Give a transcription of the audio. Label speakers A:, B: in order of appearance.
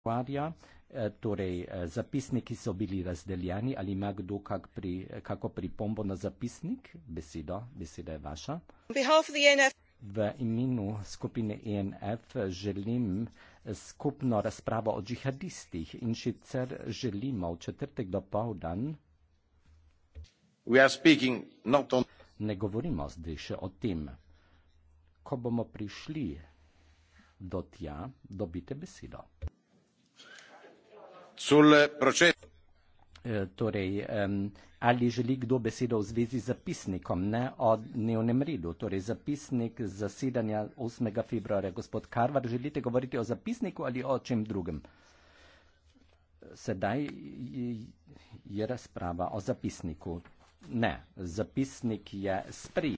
A: ukvarja, e, torej e, zapisniki so bili razdeljeni, ali ima kdo kak pri, kako pripombo na zapisnik? Besedo, beseda je vaša.
B: E
A: v imenu skupine ENF želim skupno razpravo o džihadistih in sicer želimo v četrtek do povdan. On... Ne govorimo zdaj še o tem. Ko bomo prišli do tja, dobite besedo. E, torej ali želi kdo besedo v zvezi z zapisnikom, ne o dnevnem redu, torej zapisnik zasedanja 8. februarja. Gospod Karvar, želite govoriti o zapisniku ali o čem drugem? Sedaj je razprava o zapisniku. Ne, zapisnik je sprejet.